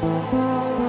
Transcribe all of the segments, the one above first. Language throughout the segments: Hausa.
Thank you.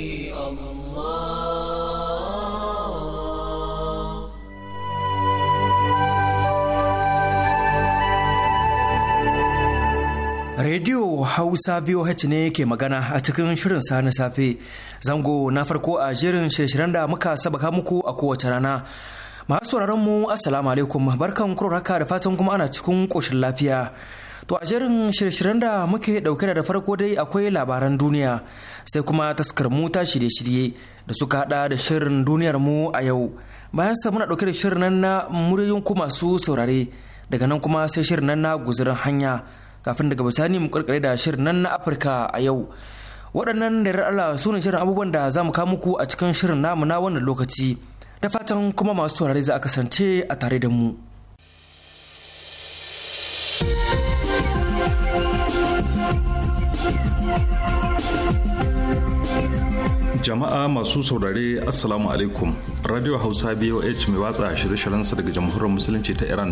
Radio Hausa VOH ne ke magana a cikin shirin sa na safe. Zango na farko a jirin shirye-shiryen da muka sabaka muku a kowace rana. Masu sauraron mu Assalamu alaikum barkan kuraraka da fatan kuma ana cikin koshin lafiya. To a jirin shirye-shiryen da muke dauke da farko dai akwai labaran duniya sai kuma taskar mu ta shirye-shirye da suka hada da shirin duniyar mu a yau. Bayan sa muna dauke da shirin nan na muryoyin ku masu saurare daga nan kuma sai shirin nan na guzurin hanya kafin daga bisani mu karkare da shirin nan na afirka a yau waɗannan da Allah su ne shirin abubuwan da za mu muku a cikin shirin namu na wannan lokaci da fatan kuma masu taurari za a kasance a tare da mu. jama'a masu saurare assalamu alaikum radio hausa boh mai watsa shirye-shiryensa daga jamhuriyar musulunci ta iran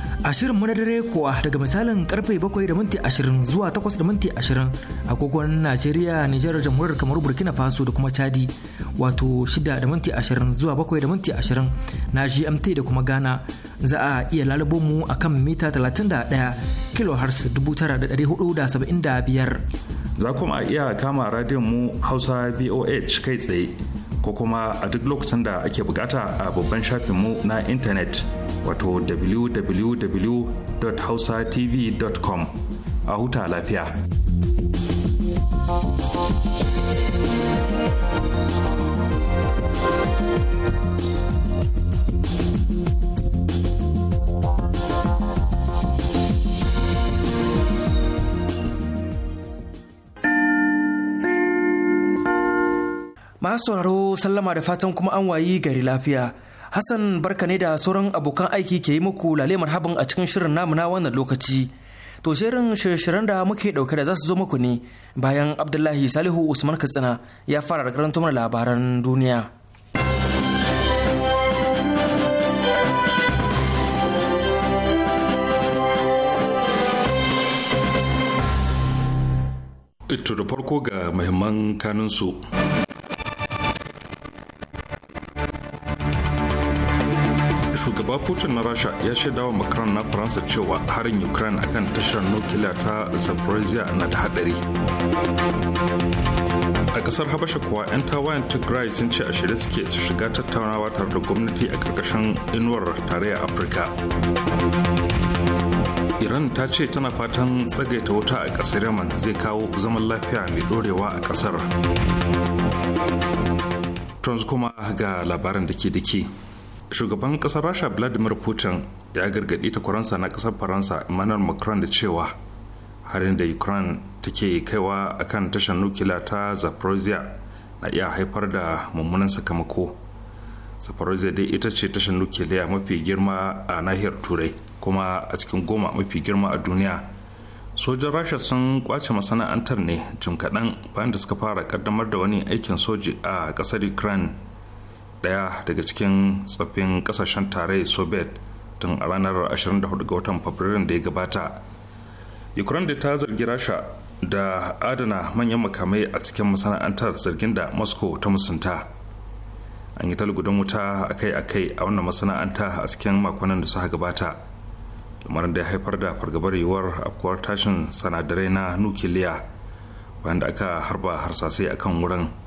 ashirin mu na dare kuwa daga misalin karfe 7 da minti 20 zuwa 8 da minti 20 agogon Najeriya, Nijar, Jamhuriyar kamar Burkina Faso da kuma Chadi wato 6 da minti 20 zuwa 7 da minti 20 na GMT da kuma Ghana za a iya lalubo mu a kan mita 31 da biyar Za kuma a iya kama radiyon mu Hausa VOH kai tsaye ko kuma a duk lokacin da ake bukata a babban shafinmu na intanet. wato www.hausatv.com a huta lafiya. Masu sauraro sallama da fatan kuma an wayi gari lafiya. Hassan barka ne da sauran abokan aiki ke yi muku lale marhaban a cikin shirin namu na wannan lokaci. To shirin shirye-shiryen da muke dauke da za su zo muku ne bayan Abdullahi Salihu Usman Katsina ya fara da karanta labaran duniya. Ito da farko ga muhimman kanunsu. shugaba putin na rasha ya shaida wa macron na faransa cewa harin ukraine akan tashar nukiliya ta zaporizhia na da hadari a kasar habasha kuwa 'yan tawayen tigray sun ce a shirye suke su shiga tattaunawa tare da gwamnati a karkashin inuwar tarayyar afirka iran ta ce tana fatan tsagaita wuta a kasar yaman zai kawo zaman lafiya mai dorewa a kasar yanzu kuma ga labaran da ke da ke. shugaban kasar rasha vladimir putin ya gargaɗi takwaransa na kasar faransa emmanuel macron da cewa harin da ukraine take kaiwa akan tashar nukila ta zaporozhia na iya haifar da mummunan sakamako zaporozhia dai ita ce tashar nukiliya mafi girma a nahiyar turai kuma a cikin goma mafi girma a duniya sojan rasha sun kwace masana'antar ne jim kaɗan bayan da suka fara ƙaddamar da wani aikin soji a ƙasar ukraine daya daga cikin tsoffin kasashen tarayyar soviet tun a ranar 24 ga watan fabrairun da ya gabata ukraine da ta zargi rasha da adana manyan makamai a cikin masana'antar zargin da moscow ta musunta an yi talgudan wuta akai-akai a wannan masana'anta a cikin makonnin da suka gabata lamarin da ya haifar da fargabar yiwuwar afkuwar tashin sanadarai na nukiliya bayan da aka harba harsasai akan wurin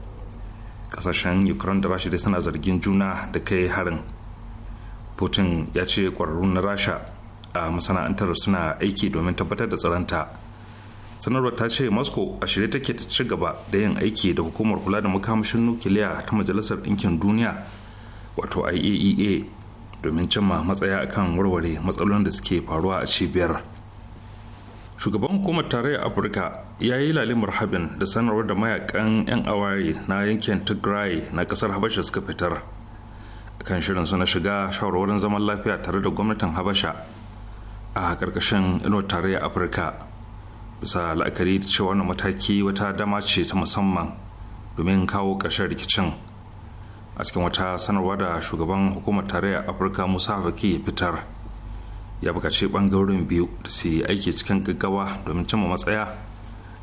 kasashen ukraine da rasha dai suna zargin juna da kai harin putin ya ce kwararru na rasha a masana'antar suna aiki domin tabbatar da tsaronta sanarwar ta ce moscow a shirye take ta ci gaba da yin aiki da hukumar kula da makamashin nukiliya ta majalisar ɗinkin duniya wato iaea e domin cimma matsaya akan warware matsalolin da suke faruwa a cibiyar shugaban hukumar tarayyar afirka ya yi lalin marhabin da sanarwar da mayakan 'yan Awari na yankin tigray na kasar habasha suka fitar kan shirin suna shiga shawarwarin zaman lafiya tare da gwamnatin habasha a karkashin ino tarayyar afirka bisa la'akari da cewa wannan mataki wata dama ce ta musamman domin kawo ƙarshen rikicin a cikin wata sanarwa da shugaban hukumar tarayyar afirka musa faki fitar ya bukaci bangarorin biyu da su yi aiki cikin gaggawa domin cimma matsaya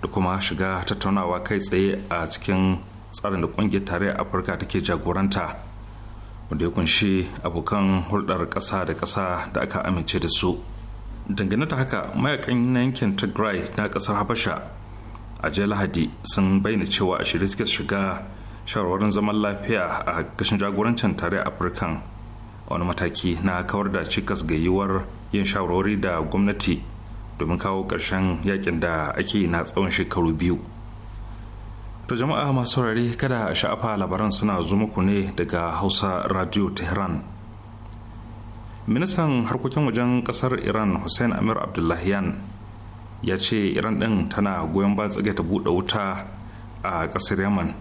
da kuma shiga tattaunawa kai tsaye a cikin tsarin da kungiyar tarayyar afirka take jagoranta wanda ya kunshi abokan hulɗar ƙasa da ƙasa da aka amince da su dangane da haka mayakan yankin tigray na ƙasar habasha a jiya lahadi sun bayyana cewa a shirye suke shiga shawarwarin zaman lafiya a kashin jagorancin tarayyar afirka wani mataki na kawar da cikas ga yiwuwar yin shawarwari da gwamnati domin kawo ƙarshen yakin da ake na tsawon shekaru biyu to jama'a masu saurari kada a sha'afa labaran suna zo muku ne daga hausa radio tehran ministan harkokin wajen kasar iran hussein amir abdullahiyan ya ce iran din tana goyon ba tsage ta buɗe wuta a ƙasar yaman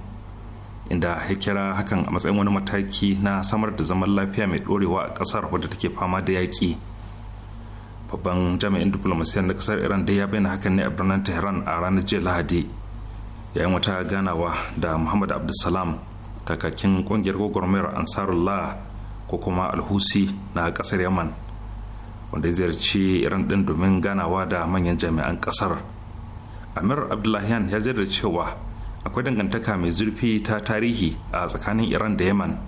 inda ya kira hakan a matsayin wani mataki na samar da zaman lafiya mai ɗorewa a ƙasar wadda take fama da yaƙi babban jami'in diplomasiyyar na kasar iran da ya bayyana hakan ne a birnin tehran a ranar jiya lahadi yayin wata ganawa da muhammad abdulsalam kakakin kungiyar gwagwarmayar ansarullah ko kuma alhusi na kasar yaman wanda ya ziyarci iran din domin ganawa da manyan jami'an kasar amir abdullahian ya jaddada cewa akwai dangantaka mai zurfi ta tarihi a tsakanin iran da yaman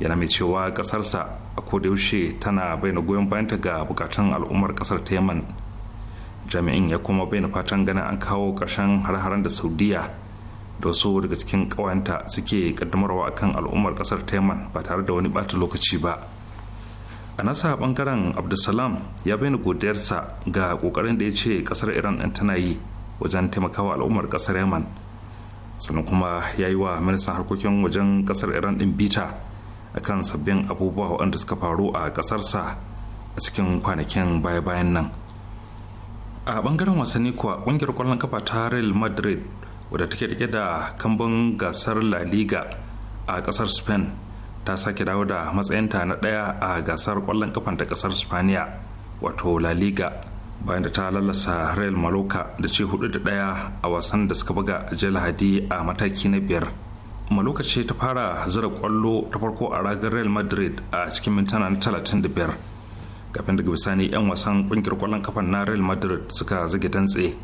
yana mai cewa kasarsa a kodayaushe tana bayyana goyon bayanta ga bukatun al'ummar kasar ta yaman jami'in ya kuma bayyana fatan ganin an kawo ƙarshen har-haren da saudiya da wasu daga cikin ƙawanta suke kaddamarwa akan al'ummar kasar ta yaman ba tare da wani bata lokaci ba a nasa bangaren abdulsalam ya bayyana godiyarsa ga ƙoƙarin da ya ce kasar iran ɗin tana yi wajen taimakawa al'ummar kasar yaman sannan kuma ya yi wa ministan harkokin wajen kasar iran ɗin bita akan sabbin abubuwa waɗanda suka faru a ƙasarsa a cikin kwanakin baya-bayan nan a bangaren wasanni kuwa ƙungiyar ƙwallon kafa ta real madrid wadda take rike da kambun gasar la liga a ƙasar spain ta sake dawo da matsayinta na ɗaya a gasar ƙwallon kafan ta ƙasar spaniya wato la liga bayan da ta lalasa real maloka da ce hudu da ɗaya a wasan da suka buga a lahadi a mataki na biyar ma lokaci ta fara zura kwallo ta farko a ragar real madrid a cikin mintana na 35 kafin daga bisani 'yan wasan kungiyar kwallon kafan na real madrid suka zage dantse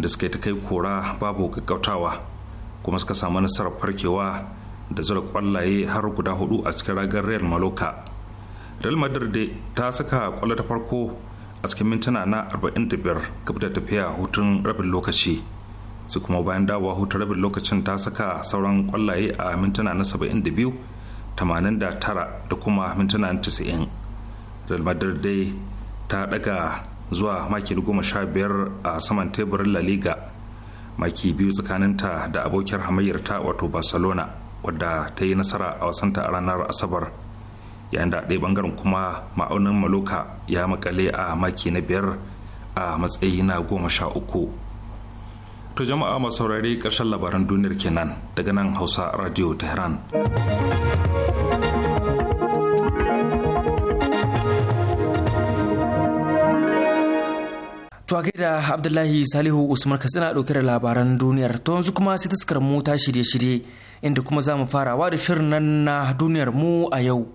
da suka ta kai kora babu gaggautawa kuma suka samu nasarar farkewa da zura kwallaye har guda hudu a cikin ragar real maloka real madrid ta saka kwallo ta farko a cikin mintana na 45 kafin da tafiya hutun rabin lokaci su kuma bayan dawowa hutu rabin lokacin ta saka sauran kwallaye a mintuna na 72 89 da kuma mintuna 90 real madrid dai ta daga zuwa maki goma sha biyar a saman teburin la liga maki biyu tsakaninta da abokiyar hamayyar ta wato barcelona wadda ta yi nasara a wasanta a ranar asabar yayin da ɗaya bangaren kuma ma'aunin maloka ya makale a maki na biyar a matsayi na goma sha uku To jama'a masu saurare ƙarshen labaran duniyar kenan daga nan Hausa Radio Tehran. To da Abdullahi Salihu Usman Katsina ɗauke da labaran duniyar to yanzu kuma sai taskar mu ta shirye-shirye inda kuma za mu farawa da shirin nan na duniyar mu a yau.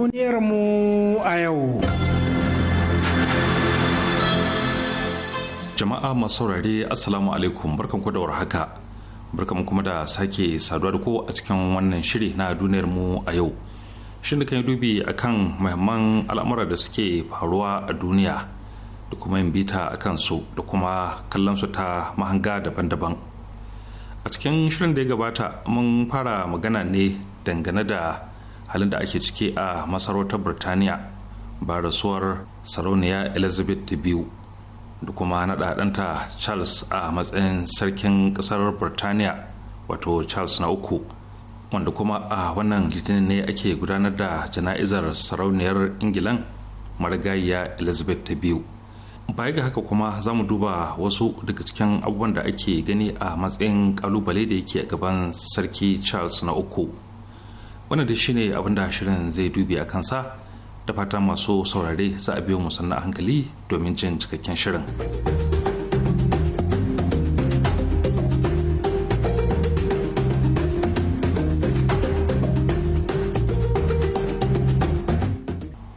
Duniyarmu a yau. Jama'a masu saurare Assalamu alaikum barkanku da warhaka. Barkanku kuma da sake saduwa da ku a cikin wannan shiri na duniyarmu a yau. Shin da yi dubi akan muhimman al'amura da suke faruwa a duniya da kuma yin bita a su. da kuma kallon su ta mahanga daban-daban. A cikin shirin da ya gabata mun fara magana ne dangane da halin da ake ciki a masarautar birtaniya ba rasuwar sarauniya elizabeth ta biyu da kuma naɗa ɗanta charles a matsayin sarkin ƙasar birtaniya wato charles na uku wanda kuma a wannan litinin ne ake gudanar da jana'izar sarauniyar ingilan marigayiya elizabeth ta biyu baya ga haka kuma za mu duba wasu daga cikin abubuwan da ake gani a matsayin kalubale da yake a gaban sarki charles na uku wannan da shine abin da shirin zai dubi a kansa da fata masu saurare za a biyo mu sannan hankali domin jin cikakken shirin.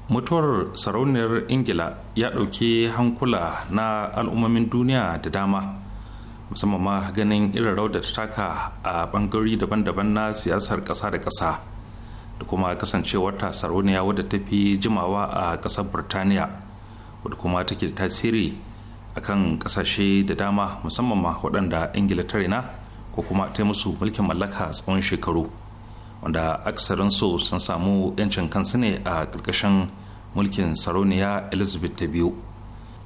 mutuwar sarauniyar ingila ya ɗauki hankula na al'ummomin duniya da dama musamman ma ganin irin rawar da ta taka a ɓangarori daban-daban na siyasar ƙasa da ƙasa da kuma kasancewar ta sarauniya wadda ta fi jimawa a ƙasar birtaniya wadda kuma take tasiri a kan ƙasashe da dama musamman ma waɗanda ingila ta rina ko kuma ta musu mulkin mallaka tsawon shekaru wanda aksarinsu sun samu 'yancin kansu ne a ƙarƙashin mulkin sarauniya elizabeth ta biyu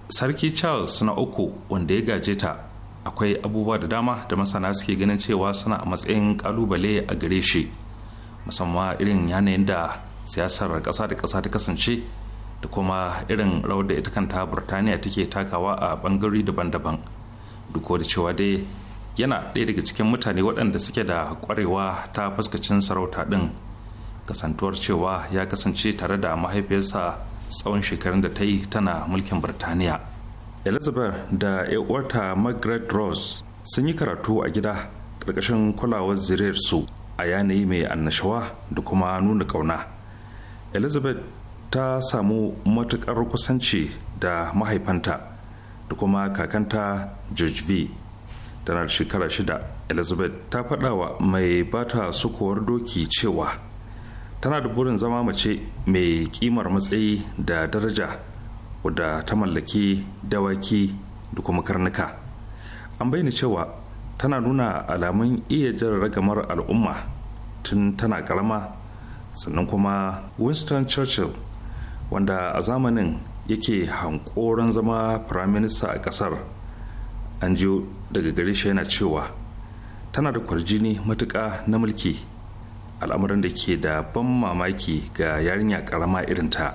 sarki charles na uku wanda ya gaje ta akwai abubuwa da dama da masana suke ganin cewa suna a matsayin ƙalubale a gare shi musamman irin yanayin da siyasar ƙasa da kasa ta kasance da kuma irin rawar da ita kanta burtaniya take takawa a ɓangare daban-daban duk da cewa dai yana ɗaya daga cikin mutane waɗanda suke da ƙwarewa ta fuskacin sarauta ɗin kasantuwar cewa ya kasance tare da mahaifiyarsa tsawon shekarun da ta yi tana mulkin burtaniya elizabeth da uwarta margaret rose sun yi karatu a gida ƙarƙashin kulawar zuriyarsu a yanayi mai annashawa da kuma nuna ƙauna elizabeth ta samu matuƙar kusanci da mahaifanta da kuma kakanta george v tana da shekara shida elizabeth ta faɗawa wa mai bata sukuwar doki cewa tana da burin zama mace mai ƙimar matsayi da daraja wadda ta mallaki dawaki da kuma karnuka an bayyana cewa tana nuna alamun iya jin ragamar al'umma tun tana karama sannan kuma winston churchill wanda a zamanin yake hankoron zama firaminista a kasar an ji daga gare shi yana cewa tana da kwarjini matuƙa na mulki al'amuran da ke da ban mamaki ga yarinya karama irinta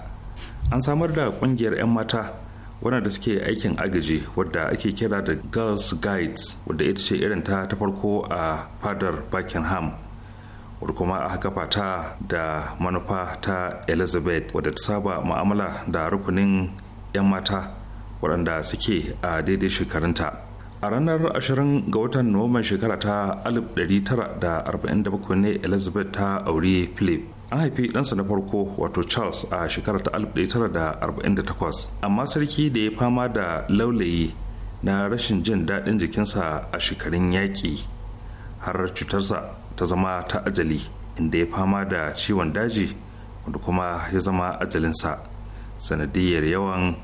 an samar da ƙungiyar 'yan mata waɗanda suke aikin agaji wadda ake kira da girls guides wadda ita ce irin ta ta farko a fadar buckingham wadda kuma a kafa ta da manufa ta elizabeth wadda ta saba ma'amala da rukunin 'yan mata waɗanda suke a daidai shekarunta a ranar 20 ga watan nuwamban shekara ta 1947 ne elizabeth ta aure philip an haifi ɗansa na farko wato charles a shekarar ta 1948 amma sarki da ya fama da laulayi na rashin jin daɗin jikinsa a shekarun yaƙi har cutarsa ta zama ta ajali inda ya fama da ciwon daji wanda kuma ya zama ajalinsa sanadiyar yawan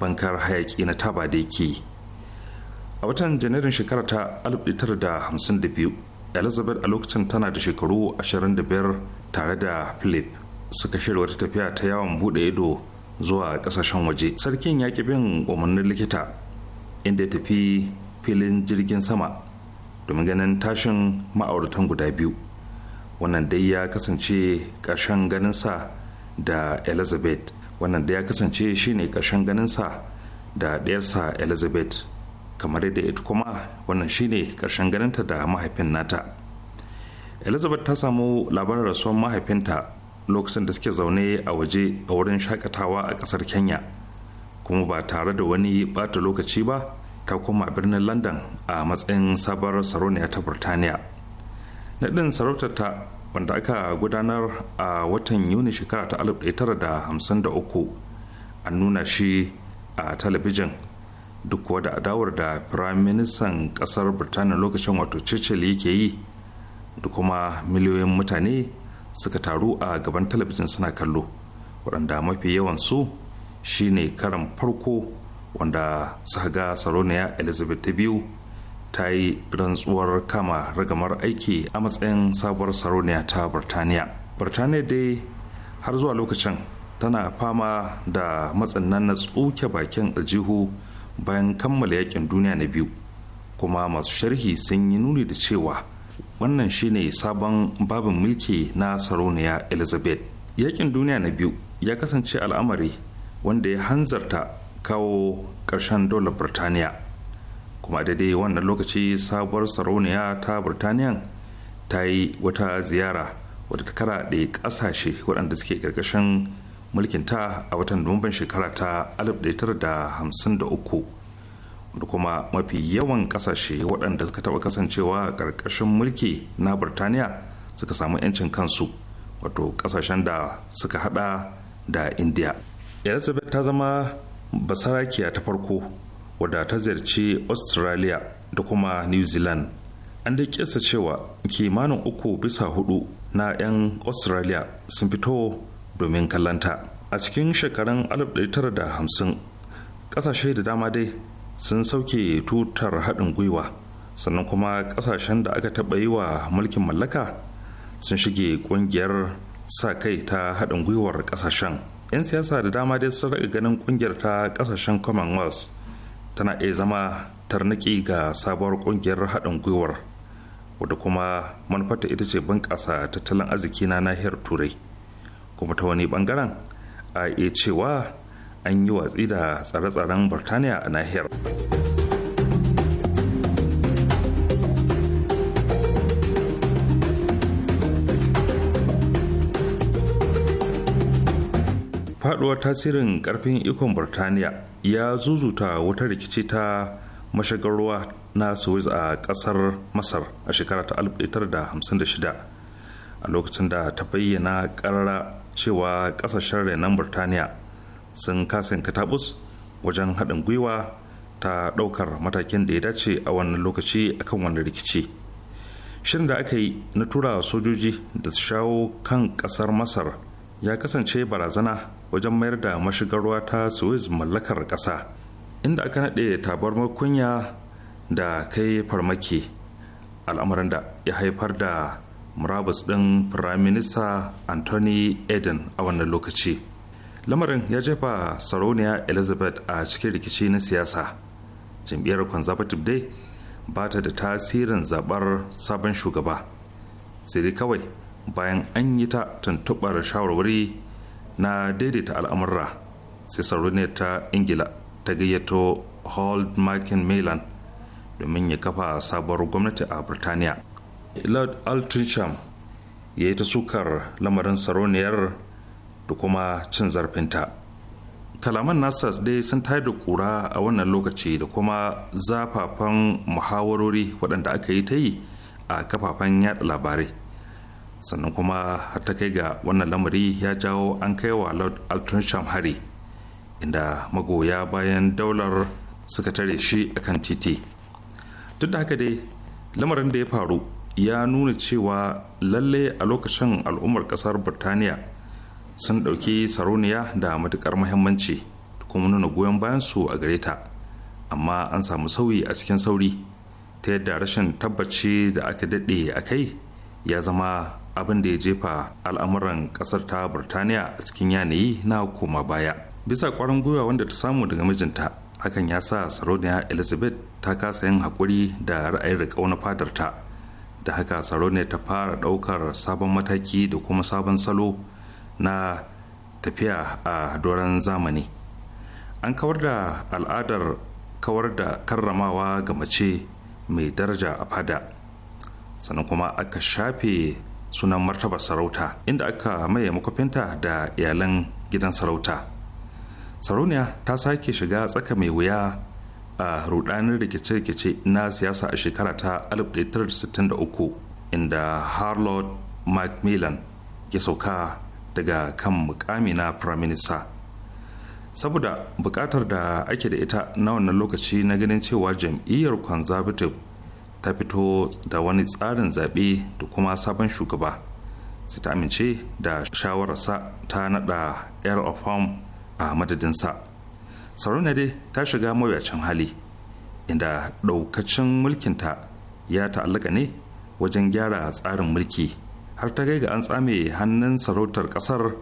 bankar hayaƙi na taba da yake a watan janairun shekara ta 1952 elizabeth a lokacin tana da shekaru 25 tare da philip suka shirya wata tafiya ta yawon bude ido zuwa kasashen waje sarkin ya ki bin umarnin likita inda ya tafi filin jirgin sama domin ganin tashin ma'auratan guda biyu wannan dai ya kasance ƙarshen ganinsa da elizabeth wannan dai ya kasance shine ƙarshen ganinsa da ɗayarsa elizabeth kamar da ita kuma wannan shine ƙarshen ganinta da mahaifin nata elizabeth ta samu labarin rasuwar mahaifinta lokacin da suke zaune a waje a wurin shakatawa a kasar kenya kuma ba tare da wani bata lokaci ba ta koma birnin london a matsayin sabar sarauniya ta burtaniya naɗin sarautarta wanda aka gudanar a watan yuni shekara ta 1953 an nuna shi a talabijin duk kuwa da adawar da firaministan kasar birtaniya lokacin wato churchill yake yi da kuma miliyoyin mutane suka taru a gaban talabijin suna kallo waɗanda mafi yawansu shine karan farko wanda suka ga saroniya elizabeth ta biyu ta yi rantsuwar kama ragamar aiki a matsayin sabuwar saroniya ta birtaniya birtaniya dai har zuwa lokacin tana fama da matsin nan na tsuke bakin aljihu bayan kammala yakin duniya na biyu kuma masu sharhi sun yi nuni da cewa wannan shine sabon babin mulki na sarauniya elizabeth yakin duniya na biyu ya kasance al'amari wanda ya hanzarta kawo ƙarshen dola birtaniya kuma daidai wannan lokaci sabuwar sarauniya ta birtaniyan ta yi wata ziyara wadda ta da ƙasashe waɗanda suke ƙarƙashin mulkinta a watan nuwamban shekara ta 1953 da kuma mafi yawan kasashe waɗanda suka taɓa kasancewa ƙarƙashin mulki na burtaniya suka samu 'yancin kansu wato ƙasashen da suka haɗa da Indiya. elizabeth ta zama basarakiya ta farko wadda ta ziyarci australia da kuma new zealand an dai kisa cewa kimanin uku bisa hudu na 'yan australia sun fito domin kallanta a cikin shekarun 1950 ƙasashe da dama dai sun sauke tutar haɗin gwiwa sannan kuma ƙasashen da aka taɓa yi wa mulkin mallaka sun shige ƙungiyar sa kai ta haɗin gwiwar ƙasashen 'yan siyasa da dama dai sun raga ganin ƙungiyar ta ƙasashen commonwealth tana iya zama tarniki ga sabuwar ƙungiyar haɗin gwiwar wadda kuma manufarta ita ce bunƙasa tattalin arziki na nahiyar turai kuma ta wani ɓangaren a iya cewa an yi watsi da tsare-tsaren burtaniya a nahiyar faduwar tasirin karfin ikon burtaniya ya zuzuta wata rikici ta mashagarwa na suez a kasar masar a shekara ta 1956 a lokacin da ta bayyana karara cewa kasashen renon burtaniya sun kasan katabus wajen haɗin gwiwa ta ɗaukar matakin da ya dace a wannan lokaci akan wannan rikici shirin da aka yi na tura sojoji da su shawo kan ƙasar masar ya kasance barazana wajen mayar da mashigar ruwa ta suez mallakar ƙasa inda aka naɗe tabar makunya da kai farmaki al'amarin da ya haifar da murabus ɗin firaminista anthony eden a wannan lokaci lamarin ya jefa sarauniya elizabeth a cikin rikici na siyasa jam'iyyar conservative dai ba ta da tasirin zabar sabon shugaba sai dai kawai bayan an yi ta tuntuɓar shawarwari na daidaita al'amurra sai sarauniyar ta ingila ta gayyato hold makin milan domin ya kafa sabuwar gwamnati a birtaniya lord altrincham ya yi ta sukar lamarin sarauniyar da kuma cin zarafinta kalaman nasas dai sun tayar da kura a wannan lokaci da kuma zafafan muhawarori waɗanda aka yi ta yi a kafafen yaɗa labarai sannan kuma har ta kai ga wannan lamari ya jawo an kai wa lord alton hari inda magoya bayan daular suka tare shi akan titi duk da haka dai lamarin da ya faru ya nuna cewa lalle a lokacin al'ummar ƙasar burtaniya. sun ɗauki saroniya da matuƙar muhimmanci kuma nuna goyon bayan su a gare ta amma an samu sauyi a cikin sauri ta yadda rashin tabbaci da aka daɗe a kai ya zama abin da ya jefa al'amuran ƙasar ta burtaniya a cikin yanayi na koma baya bisa ƙwarin gwiwa wanda ta samu daga mijinta hakan ya sa saroniya elizabeth ta kasa yin hakuri da ra'ayin riƙau na fadarta da haka saroniya ta fara ɗaukar sabon mataki da kuma sabon salo na tafiya a doron zamani an kawar da al'adar kawar da karramawa ga mace mai daraja a fada sannan kuma aka shafe sunan martaba sarauta inda aka maye makwafinta da iyalan gidan sarauta sarauniya ta sake shiga tsaka mai wuya a rudanin rikice-rikice na siyasa a shekara ta 1963 inda harlot macmillan ya sauka daga kan mukami na firaminista saboda bukatar da ake da ita na wannan lokaci na ganin cewa jam'iyyar conservative ta fito da wani tsarin zaɓe da kuma sabon shugaba su ta amince da shawararsa ta naɗa air of home a madadinsa sarauna dai ta shiga mawuyacin hali inda ɗaukacin mulkinta ya ta'allaka ne wajen gyara tsarin mulki har ta ga an tsame hannun sarautar kasar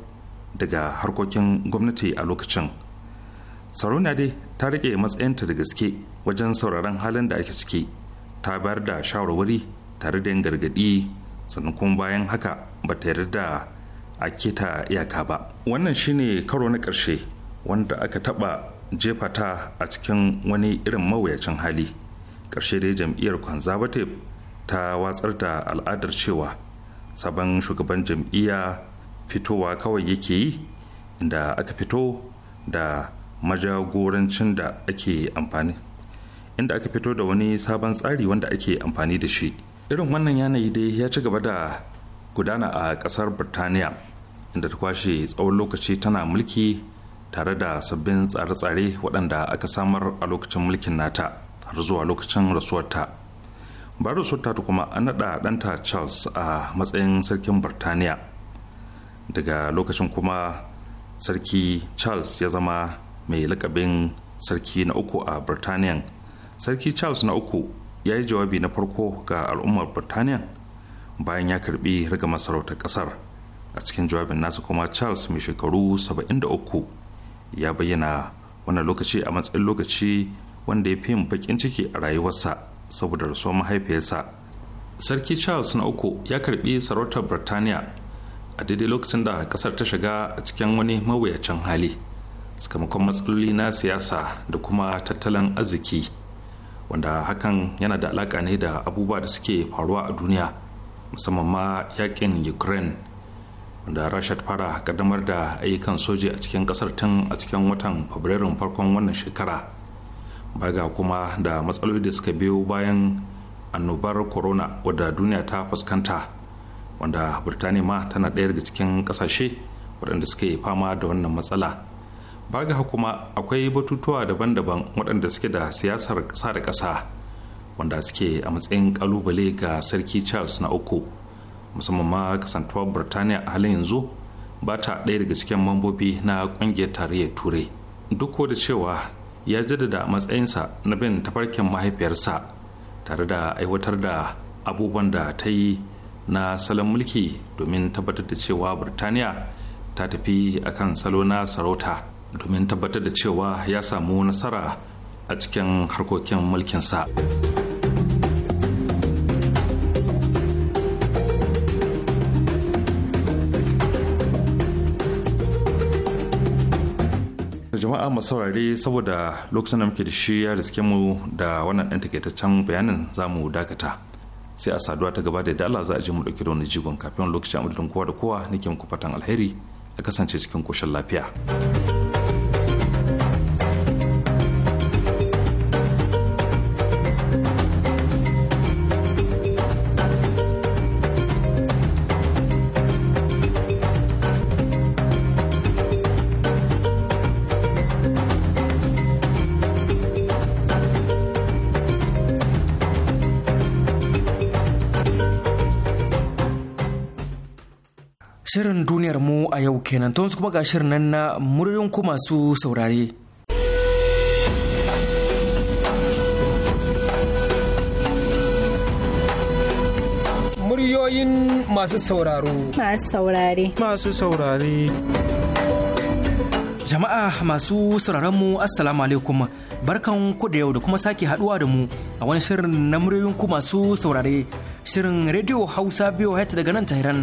daga harkokin gwamnati a lokacin sarauniya dai ta rike matsayinta da gaske wajen sauraron halin da ake ciki ta bayar da shawarwari tare da yin gargadi sannan kuma bayan haka ba ta yarda a keta iyaka ba wannan shine karo na ƙarshe wanda aka taɓa jefa ta a cikin wani irin mawuyacin hali ƙarshe dai jam'iyyar conservative ta watsar da al'adar cewa sabon shugaban jam'iyya fitowa kawai yake yi inda aka fito da majagorancin da ake amfani inda aka fito da wani sabon tsari wanda ake amfani da shi irin wannan yanayi dai ya ci gaba da gudana a kasar birtaniya inda ta kwashe tsawon lokaci tana mulki tare da sabbin tsare-tsare waɗanda aka samar a lokacin mulkin nata har zuwa lokacin rasuwarta baro ta kuma an naɗa ɗanta charles a matsayin sarkin birtaniya daga lokacin kuma sarki charles ya zama mai lakabin sarki na uku a birtaniya sarki charles na uku ya yi jawabi na farko ga al'ummar birtaniya bayan ya karbi riga masarautar ƙasar a cikin jawabin nasa kuma charles mai shekaru 73 ya bayyana wannan lokaci a matsayin lokaci wanda ya fi yin bakin ciki a rayuwarsa saboda rasuwar mahaifiyarsa sarki charles na uku ya karbi sarautar birtaniya a daidai lokacin da kasar ta shiga a cikin wani mawuyacin hali sakamakon matsaloli na siyasa da kuma tattalin arziki wanda hakan yana da alaka ne da abubuwa da suke faruwa a duniya musamman ma yakin ukraine wanda rasha ta fara kaddamar da ayyukan soji a cikin kasar tun a cikin watan fabrairun farkon wannan shekara baga kuma da matsaloli da suka biyo bayan annobar corona wadda duniya ta fuskanta wanda birtaniya ma tana ɗaya daga cikin ƙasashe waɗanda suke fama da wannan matsala baga kuma akwai batutuwa daban-daban waɗanda suke da siyasar ƙasa da ƙasa wanda suke a matsayin ƙalubale ga sarki charles na uku musamman ma kasantuwar birtaniya a halin yanzu ba ta ɗaya daga cikin mambobi na ƙungiyar tarayyar turai duk da cewa ya jaddada matsayinsa na bin tafarkin mahaifiyarsa tare da aiwatar da abubuwan da ta yi na salon mulki domin tabbatar da cewa Birtaniya ta tafi akan salo na sarauta domin tabbatar da cewa ya samu nasara a cikin harkokin mulkinsa. sa jama'a masu saurare saboda lokacin da muke da shi ya riske mu da wannan ɗan takaitaccen bayanin za mu dakata sai a saduwa ta gaba da dala za a je mu ɗauki da wani jigon kafin lokacin amadadin kowa da kowa nake muku fatan alheri a kasance cikin koshin lafiya. kenan to kuma ga shirin nan na muryoyin ku masu saurare. Muryoyin masu sauraro. Masu saurare. Masu saurare. Jama'a masu mu Assalamu alaikum barkan ku da yau da kuma sake haduwa da mu a wani shirin na muryoyin ku masu saurare shirin Radio Hausa biyu daga nan Tehran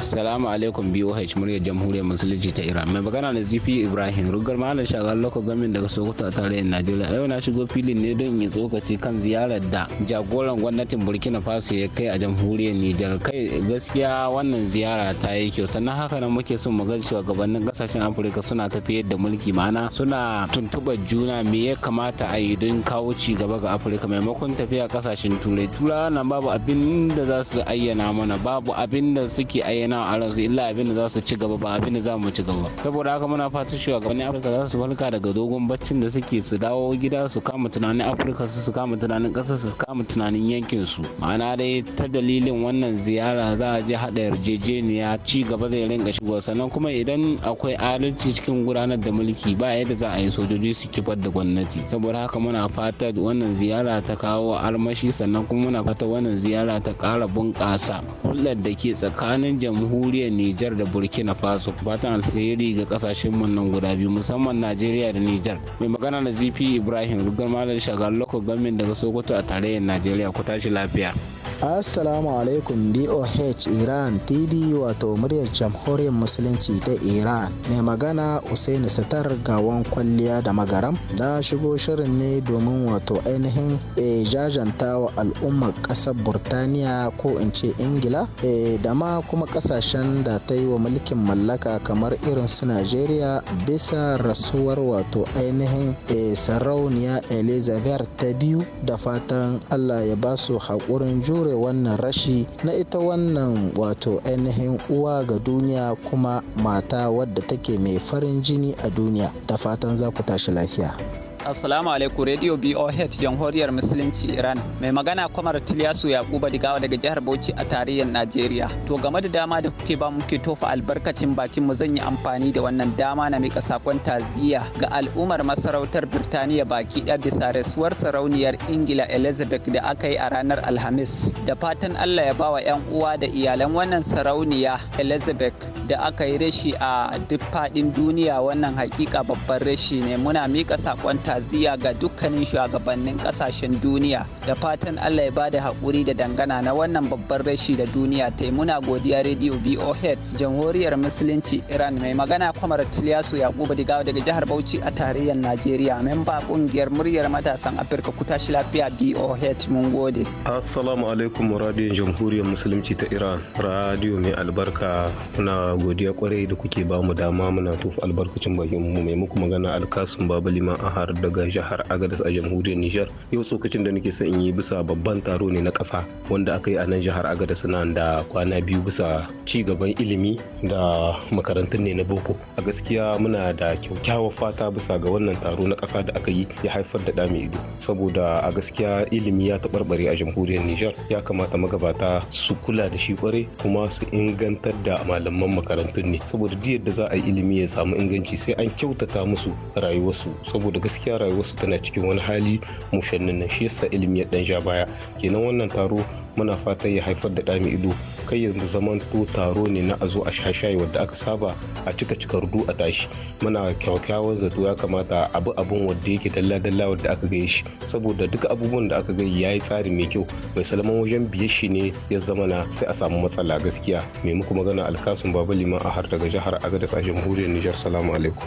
Salamu alaikum BOH muryar jamhuriyar musulunci ta Iran. Mai magana na Zifi Ibrahim Rugar Malam Shagar Loko Gamin daga Sokoto a tarayyar Najeriya. Yau na shigo filin ne don in tsokaci kan ziyarar da jagoran gwamnatin Burkina Faso ya kai a jamhuriyar Nijar. Kai gaskiya wannan ziyara ta yi kyau. Sannan haka nan muke son mu ga shugabannin kasashen Afirka suna tafiyar da mulki ma'ana suna tuntuɓar juna me ya kamata a yi don kawo ci gaba ga Afirka maimakon tafiya kasashen Turai. Turawa nan babu abin da za su ayyana mana babu abin da suke ayyana yana a ransu illa abin da za su ci gaba ba abin da za mu ci gaba saboda haka muna fatan shugabannin afirka za su farka daga dogon baccin da suke su dawo gida su kama tunanin afirka su su kama tunanin kasa su kama tunanin yankin su ma'ana dai ta dalilin wannan ziyara za a je hada yarjejeniya ci gaba zai rinka shigo sannan kuma idan akwai adalci cikin gudanar da mulki ba yadda za a yi sojoji su kifar da gwamnati saboda haka muna fatan wannan ziyara ta kawo armashi sannan kuma muna fatan wannan ziyara ta kara bunkasa hulɗar da ke tsakanin jam jamhuriyar Nijar da Burkina Faso fatan alheri ga kasashen mu nan guda biyu musamman Najeriya da Nijar mai magana da ZP Ibrahim rugar malam shagar gamin daga Sokoto a tarayyar Najeriya ku tashi lafiya Assalamu alaikum BOH Iran TV wato muryar jamhuriyar musulunci ta Iran. Mai magana Usaini Sitar gawan kwalliya da magaram na shigo shirin ne domin wato ainihin e, jajanta wa al'ummar ƙasar Burtaniya ko in ce Ingila e, da ma kuma ƙasashen da ta yi wa mulkin mallaka kamar irin su Najeriya bisa rasuwar wato ainihin e, sarauniya Elizabeth ta biyu da fatan Allah ya ba su haƙurin juna jure wannan rashi na ita wannan wato ainihin uwa ga duniya kuma mata wadda take mai farin jini a duniya da fatan za ku tashi lafiya. Assalamu alaikum Radio BOH Jamhuriyar Musulunci Iran. Mai magana kwamar Tilyasu Yakuba Digawa daga jihar Bauchi a tarihin Najeriya. To game da dama da kuke ba muke tofa albarkacin bakin mu zan yi amfani da wannan dama na mika sakon tazgiya ga al'ummar masarautar Birtaniya baki ɗaya bisa rasuwar sarauniyar Ingila Elizabeth da aka yi a ranar Alhamis. Da fatan Allah ya bawa 'yan uwa da iyalan wannan sarauniya Elizabeth da aka yi rashi a duk faɗin duniya wannan hakika babban rashi ne muna mika sakon ta'aziyya ga dukkanin shugabannin kasashen duniya da fatan Allah ya bada haƙuri da dangana na wannan babbar rashi da duniya ta yi muna godiya rediyo BOHead jamhuriyar musulunci Iran mai magana kwamar Tiliyasu Yakubu Digawa daga jihar Bauchi a tarayyar Najeriya memba kungiyar muryar matasan Afirka ku tashi lafiya BOHead mun gode. Assalamu alaikum radiyon jamhuriyar musulunci ta Iran radiyo mai albarka muna godiya kwarai da kuke ba mu dama muna tofa albarkacin bakin mu mai muku magana alkasun babu liman ahar daga jihar Agadez a jamhuriyar Nijar. Yau tsokacin da nake son yi bisa babban taro ne na kasa wanda aka yi a nan jihar Agadez na da kwana biyu bisa ci gaban ilimi da makarantun ne na boko. A gaskiya muna da kyakkyawar fata bisa ga wannan taro na kasa da aka yi ya haifar da dami ido saboda a gaskiya ilimi ya taɓarɓare a jamhuriyar Nijar ya kamata magabata su kula da shi kwarai kuma su ingantar da malaman makarantun ne saboda duk yadda za a yi ilimi ya samu inganci sai an kyautata musu rayuwarsu saboda gaskiya gaskiya wasu tana cikin wani hali mushannin nan shi yasa ilimi ya dan ja baya kenan wannan taro muna fatan ya haifar da dami ido kai yanzu zaman to taro ne na a a shashaye wanda aka saba a cika cikar du a tashi muna kyakkyawan zato ya kamata abu abun wanda yake dalla dalla wadda aka ga shi saboda duka abubuwan da aka gaye yayi tsari mai kyau mai salaman wajen biye shi ne ya zama na sai a samu matsala gaskiya mai muku magana alkasun baba liman har daga jihar agadas a jamhuriyar nijar salamu alaikum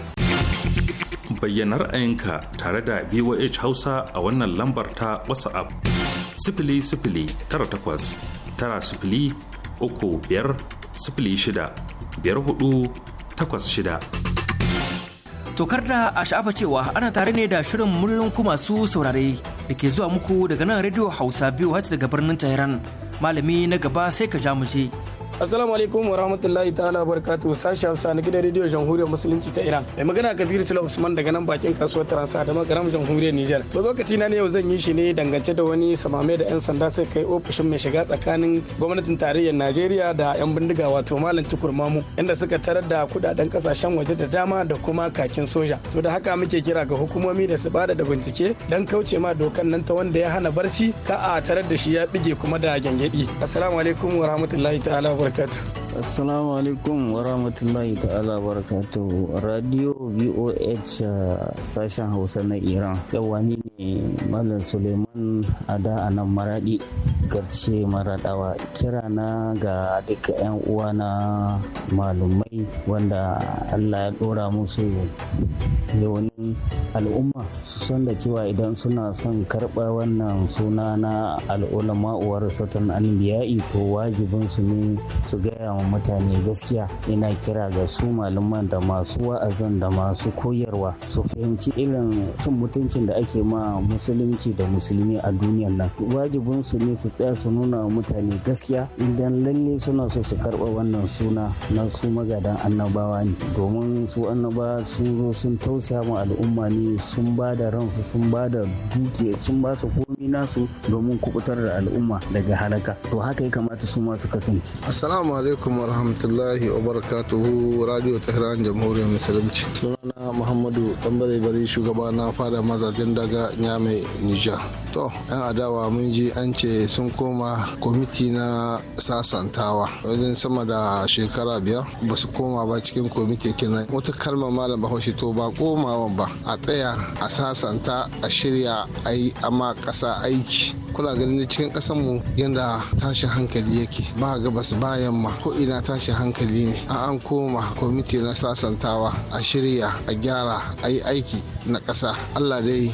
bayyana ra'ayinka tare da voh hausa a wannan lambar ta whatsapp sifili sifili tara takwas tara sifili uku biyar sifili shida biyar hudu takwas shida tokar da a sha'afa cewa ana tare ne da shirin muryoyin ku masu saurare da ke zuwa muku daga nan radio hausa biyu daga birnin tehran malami na gaba sai ka ja mu je assalamu alaikum wa rahmatullahi ta'ala barakatu sashi hausa na gidan rediyo jamhuriyar musulunci ta iran mai magana Kabiru sula usman daga nan bakin kasuwar taransa da magaram jamhuriyar Nijar. to lokaci na yau zan yi shi ne dangance da wani samame da yan sanda suka kai ofishin mai shiga tsakanin gwamnatin tarayyar najeriya da yan bindiga wato malam tukur mamu inda suka tarar da kudaden kasashen waje da dama da kuma kakin soja to da haka muke kira ga hukumomi da su bada da bincike dan kauce ma dokan nan ta wanda ya hana barci ka a tarar da shi ya bige kuma da gyangyaɗi assalamu alaikum wa rahmatullahi ta'ala wa barakatuh Assalamu alaikum wa rahmatullahi ta'ala barakatuhu Radio VOH uh, sashen Hausa na Iran. yawani ne Malam Suleiman Ada a nan Maradi. garce maradawa kira na ga duka 'yan uwa na malumai wanda allah ya dora musu yawanin al'umma su san da cewa idan suna son karɓar wannan suna na al'ulama uwar satan biya'i to wajibin su ne su gaya wa mutane gaskiya ina kira ga su malaman da masu wa'azan da masu koyarwa su fahimci irin cin mutuncin da ake ma musulunci da musulmi a duniyar nan wajibin su ne su tsaya su nuna wa mutane gaskiya idan lalle suna so su karɓa wannan suna na su magadan annabawa ne domin su annaba sun zo sun tausaya ma al'umma ne sun ba da ransu sun ba da duke sun ba su komi nasu domin kubutar da al'umma daga halaka to haka ya kamata su ma su kasance assalamu alaikum wa rahmatullahi radio tehran jamhuriyar musulunci sunana muhammadu tambare bari shugaba na fada mazajen daga nyame nija. to yan adawa mun ji an ce sun koma kwamiti na sasantawa wajen sama da shekara biyar ba su koma ba cikin kwamiti nan wata kalmar malam bahaushe to ba komawa ba a tsaya a sasanta a shirya a yi amma ƙasa aiki kula ganin cikin kasan mu yanda tashi hankali yake ba gabas ba yamma ko ina tashi hankali ne an an koma kwamiti na sasantawa a shirya a gyara a yi aiki na ƙasa allah dai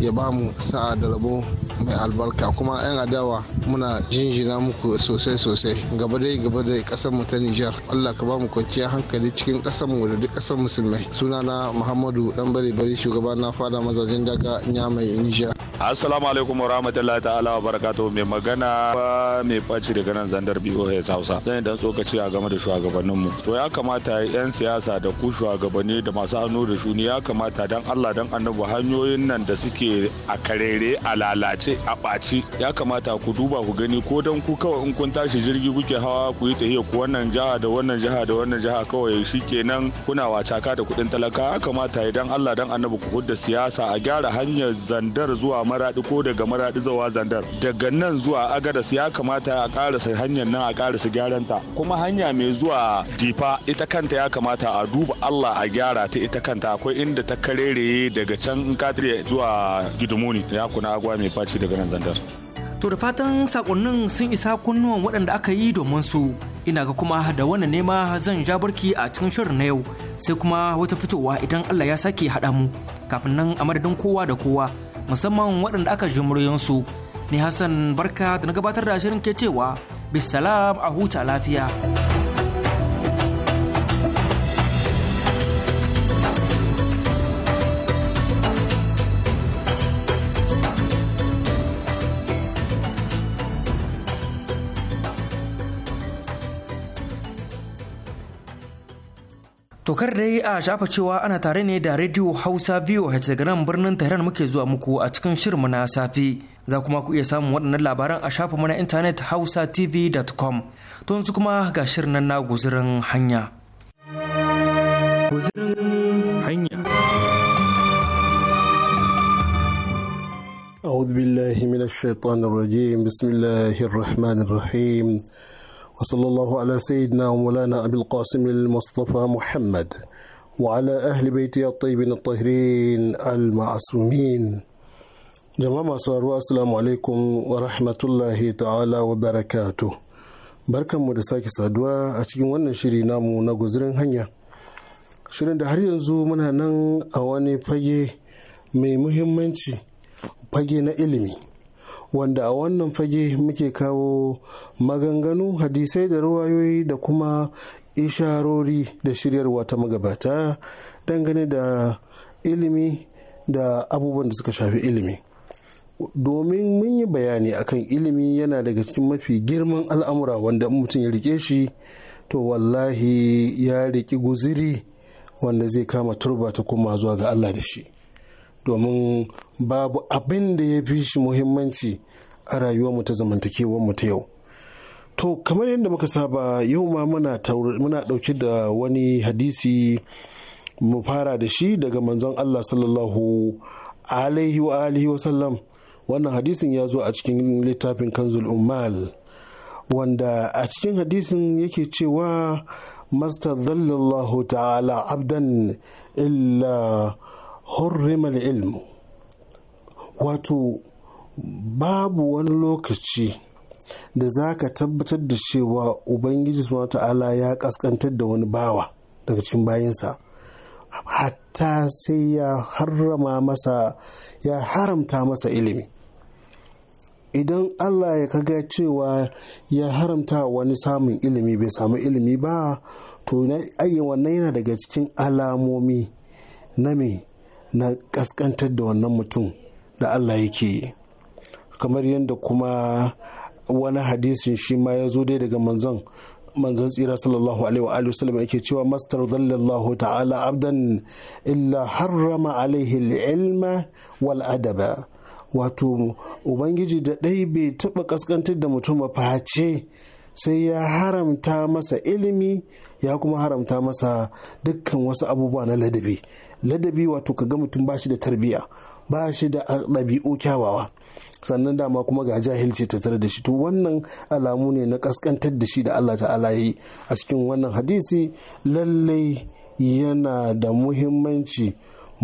ya ba mu sa'a da rabo mai albarka kuma 'yan adawa muna jinjina muku sosai sosai gaba dai gaba dai mu ta Nijar Allah ka ba mu kwanciyar hankali cikin kasan mu da duk musulmai sunana Muhammadu dan bare bare shugaba na fada mazajen daga mai Nijar Assalamu alaikum warahmatullahi ta'ala wa barakatuhu mai magana ba mai ɓaci daga nan zandar BOS Hausa. Zan yi dan tsokaci a game da shugabanninmu. To ya kamata 'yan siyasa da ku shugabanni da masu hannu da shuni ya kamata dan Allah dan annabu hanyoyin nan da suke a karere a lalace a ɓaci ya kamata ku duba ku gani ko dan ku kawai in kun tashi jirgi kuke hawa ku yi tafiya ku wannan jiha da wannan jiha da wannan jiha kawai shikenan kuna wacaka da kuɗin talaka ya kamata idan Allah dan annabu ku hudda siyasa a gyara hanyar zandar zuwa maradi ko daga maradi zuwa zandar daga nan zuwa agadas ya kamata a karasa hanyar nan a karasa ta kuma hanya mai zuwa difa ita kanta ya kamata a duba allah a gyara ta ita kanta akwai inda ta karere daga can kadire zuwa gidumuni ya kuna agwa mai faci daga nan zandar to da fatan sakonnin sun isa kunnuwan waɗanda aka yi domin su ina ga kuma da wannan nema zan ja barki a cikin shirin na yau sai kuma wata fitowa idan allah ya sake haɗa mu kafin nan a madadin kowa da kowa musamman waɗanda aka jimuriyansu su Ni Hassan barka da na gabatar da shirin ke cewa bisalam a huta lafiya. Tokar da dai a shafa cewa ana tare ne da Radio Hausa VOH daga nan birnin Tehran muke zuwa muku a cikin shirma na safe. za kuma ku iya samun waɗannan labaran a shafa mana intanet hausatv.com to yanzu kuma ga shirin nan na guzurin hanya. أعوذ بالله من الشيطان الرجيم بسم الله الرحمن الرحيم وصلى الله على سيدنا ومولانا أبي القاسم المصطفى محمد وعلى أهل بيته الطيبين الطاهرين المعصومين jama'a masu haruwa assalamu alaikum wa rahmatullahi ta'ala wa barakatu barkanmu da sake saduwa a cikin wannan shiri namu na guzirin hanya shirin da har yanzu muna nan a wani fage mai muhimmanci fage na ilimi wanda a wannan fage muke kawo maganganu hadisai da ruwayoyi da kuma isharori da shiryarwa ta magabata dangane da ilimi da abubuwan da suka shafi ilimi domin mun yi bayani akan ilimi yana daga cikin mafi girman al'amura wanda mutum ya rike shi to wallahi ya riki guziri wanda zai kama turba ta kuma zuwa ga Allah da shi domin babu abin da ya fi shi muhimmanci a rayuwarmu ta mu ta yau to kamar yadda muka saba yau ma muna ɗauki da wani hadisi mu fara da shi daga manzon Allah sallallahu alaihi wa alihi wa sallam wannan hadisin ya zo a cikin littafin kanzul ummal wanda a cikin hadisin yake cewa zallallahu ta'ala abdan illa hurrimal ilmu wato babu wani lokaci da za ka tabbatar da cewa ubangiji subhanahu ta'ala ya kaskantar da wani bawa daga cikin bayansa, hatta sai ya ya haramta masa ilimi idan allah ya kaga cewa ya haramta wani samun ilimi bai samu ilimi ba to ayi wannan yana daga cikin alamomi na me na kaskantar da wannan mutum da allah yake kamar yadda kuma wani hadisin shi ma ya zo dai daga manzon manzon tsira sallallahu alaihi wa wasallam yake cewa mastar zallallahu ta'ala abdan illa harrama alaihi ilma wal adaba wato ubangiji da ɗai bai taɓa ƙasƙantar da mutum ba face sai ya haramta masa ilimi ya kuma haramta masa dukkan wasu abubuwa na ladabi ladabi wato ka ga mutum ba shi da tarbiya ba shi da ɗabi'u kyawawa sannan dama kuma ga jahilci tattare da shi to wannan alamu ne na ƙasƙantar da shi da allah ta'ala yi a cikin wannan hadisi lallai yana da muhimmanci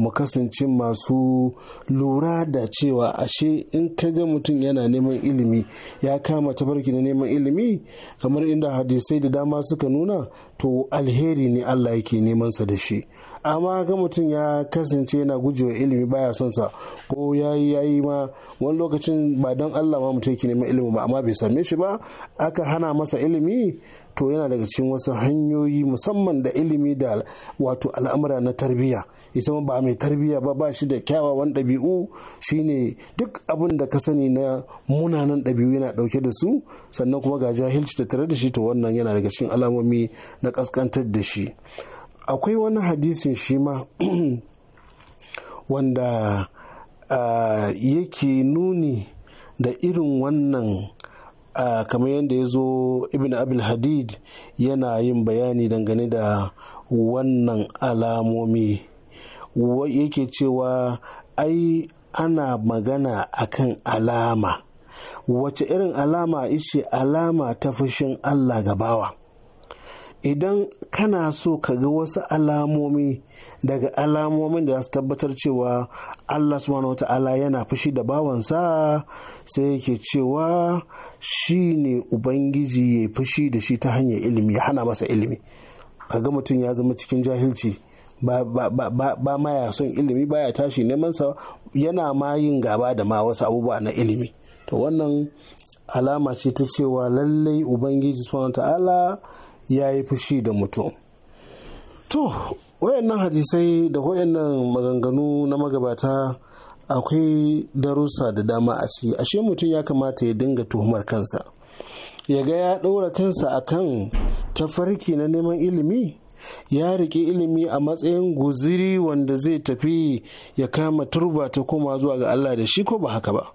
mu kasance masu lura da cewa ashe in ka ga mutum yana neman ilimi ya kama tafarki na neman ilimi kamar inda hadisai da dama suka nuna to alheri ne Allah yake neman sa da shi amma ga mutum ya kasance yana gujewa ilimi baya son sa ko yayi yayi ma wani lokacin ba don Allah ma mutum yake neman ilimi ba amma bai same shi ba aka hana masa ilimi to yana daga cikin wasu hanyoyi musamman da ilimi da wato al'amura na tarbiyya ita ba mai tarbiyya ba ba shi da kyawawan ɗabi'u shine duk abin da ka sani na munanan ɗabi'u yana ɗauke da su sannan kuma ga jahilci da tare da shi to wannan yana daga cikin alamomi na ƙasƙantar da shi akwai wani hadisin shi ma wanda yake nuni da irin wannan Uh, kamar yadda ya zo ibn abil hadid yana yin bayani dangane da wannan alamomi yake cewa ai ana magana akan alama wace irin alama ishe alama ta fushin Allah gabawa idan kana so ka ga wasu alamomi daga alamomin da su tabbatar cewa Allah subhanahu wata'ala yana fushi da bawansa sai yake cewa shi ne ubangiji ya fushi da shi ta hanyar ilimi hana masa ilimi ga mutum ya zama cikin jahilci ba ma ya son ilimi ba ya tashi neman sa yana ma yin gaba da ma wasu abubuwa na ilimi to wannan alama ce ta cewa lallai ubangiji subhanahu ta'ala ya yi fushi da mutum to wayannan hadisai da wayannan maganganu na magabata akwai darussa da dama a ciki ashe mutum ya kamata ya dinga tuhumar kansa ya ga ya ɗora kansa akan tafarki na neman ilimi ya riƙe ilimi a matsayin guziri wanda zai tafi ya kama turba ta koma zuwa ga Allah da shi ko ba haka ba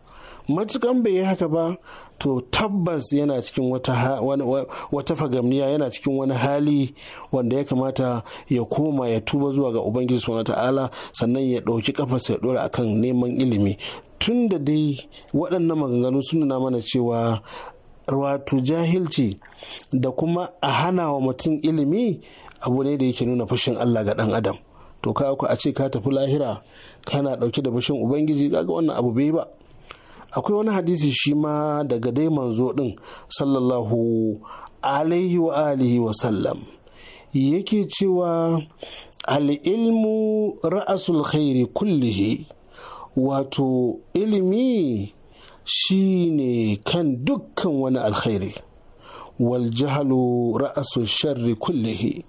matukan bai yi haka ba to tabbas yana cikin wata fagamniya yana cikin wani hali wanda ya kamata ya koma ya tuba zuwa ga ubangiji wa ta'ala sannan ya ɗauki kafarsa ya ɗora akan neman ilimi tun da dai waɗannan maganganu sun nuna mana cewa wato jahilci da kuma a hana wa mutum ilimi abu ne da yake nuna fushin Allah ga ɗan adam to ka ku a ce ka tafi lahira kana ɗauke da fushin ubangiji kaga wannan abu bai ba akwai wani hadisi shi ma daga dai manzo ɗin sallallahu alaihi wa alihi wa sallam yake cewa al'ilmu ra'asul khairi kullihi wato ilimi shi ne kan dukkan wani alkhairi wal jahalu ra'asu sharri kullihi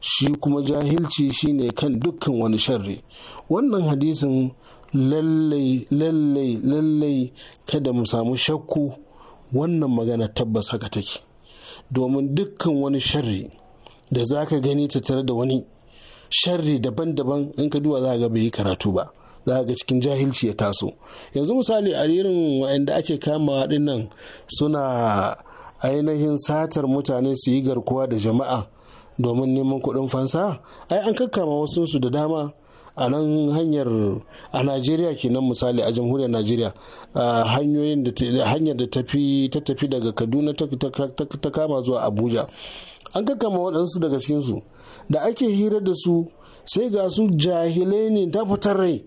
shi kuma jahilci shine kan dukkan wani sharri wannan hadisin lallai lallai lallai kada mu samu shakku wannan magana tabbas haka take domin dukkan wani sharri da za ka gani tare da wani sharri daban-daban in ka duba za ga bai yi karatu ba za ga cikin jahilci ya taso yanzu misali a irin waɗanda ake kama waɗannan suna ainihin satar mutane su yi garkuwa da jama'a domin neman kuɗin fansa ai an kakkama wasu su da dama a nan hanyar a najeriya kenan misali a jamhuriyar najeriya hanyoyin da hanyar da ta tafi daga kaduna ta kama zuwa abuja an kakkama waɗansu daga cikinsu da ake hira da su sai ga su jahilai ne ta fitar rai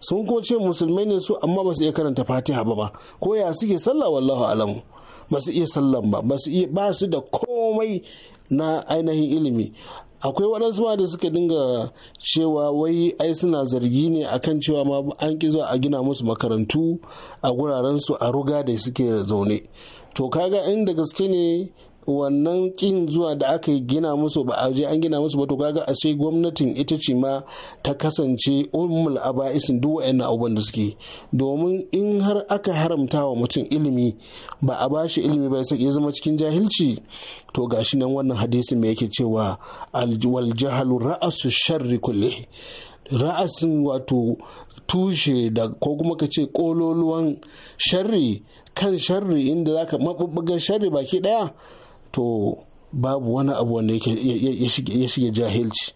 sun ko ce musulmai ne su amma ba su iya karanta fatiha ba ko ya suke sallah wallahu alamu ba su iya sallan ba ba su iya ba su da komai na ainihin ilimi akwai waɗansu ma da suka dinga cewa wai ai suna zargi ne akan cewa ma an ƙi zuwa a gina musu makarantu a guraren su a ruga da suke zaune to kaga in da gaske ne wannan kin zuwa da aka gina musu ba a je an gina musu ba to kaga a sai gwamnatin ita ce ma ta kasance ummul aba'isin duk wa'annan abubuwan da suke domin in har aka haramta wa mutum ilimi ba a bashi ilimi ba ya zama cikin jahilci to gashi nan wannan hadisin mai yake cewa wal jahalu ra'asu sharri kulli ra'asin wato tushe da ko kuma ka ce kololuwan sharri kan sharri inda zaka mabubbugan sharri baki daya to babu wani abu wanda ya shige jahilci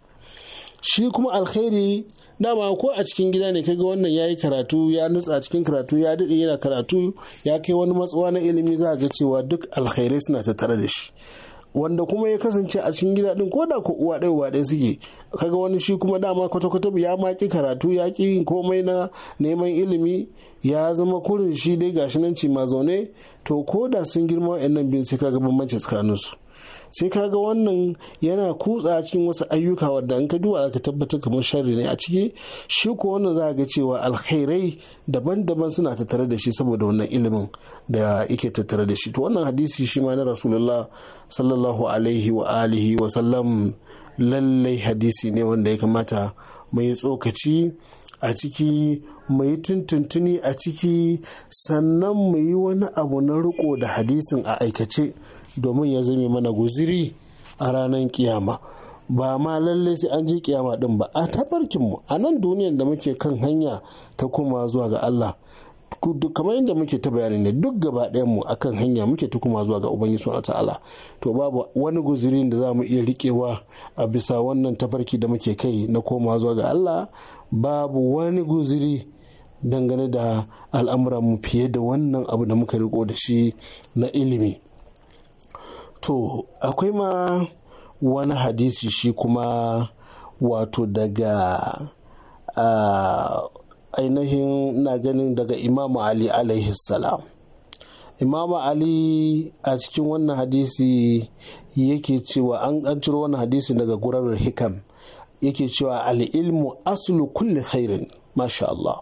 shi kuma alkhairi dama ko a cikin gida ne kaga wannan ya yi karatu ya nutsa a cikin karatu ya daɗe yana karatu ya kai wani matsuwa na ilimi za ga cewa duk alkhairai suna tattare da shi wanda kuma ya kasance a cikin gida din ko da ko uwa ɗaya uwa ɗaya suke kaga wani shi kuma dama kwata-kwata ya maki karatu ya ƙi komai na neman ilimi ya zama kurin shi dai gashi nan ci zaune to ko da sun girma wa'annan biyun sai kaga bambanci su sai kaga wannan yana kutsa cikin wasu ayyuka wadda an ka duwa ka tabbatar kamar sharri ne a ciki shi ko wannan za ga cewa alkhairai daban-daban suna tattare da shi saboda wannan ilimin da yake tattare da shi to wannan hadisi shi ma na rasulullah sallallahu alaihi wa alihi wa sallam lallai hadisi ne wanda ya kamata mai tsokaci a ciki mu yi tuntuntuni a ciki sannan mu yi wani abu na riko da hadisin a aikace domin ya zame mana guziri a ranar kiyama ba ma lalle sai an je kiyama din ba a tabarkinmu a nan duniyar da muke kan hanya ta koma zuwa ga Allah duk kamar yadda muke ta bayani ne duk gaba ɗayan mu akan hanya muke ta kuma zuwa ga ubangiji subhanahu ta'ala to babu wani guzirin da za mu iya riƙewa a bisa wannan tafarki da muke kai na koma zuwa ga Allah babu wani guziri dangane da al'amuran mu fiye da wannan abu da muka riko da shi na ilimi to akwai ma wani hadisi shi kuma wato daga uh, ainihin na ganin daga imamu ali alaihi salam imamu ali a cikin wannan hadisi yake cewa an ciro wannan hadisi daga gurarar hikam yake cewa al'ilmu aslu kulli khairin masha Allah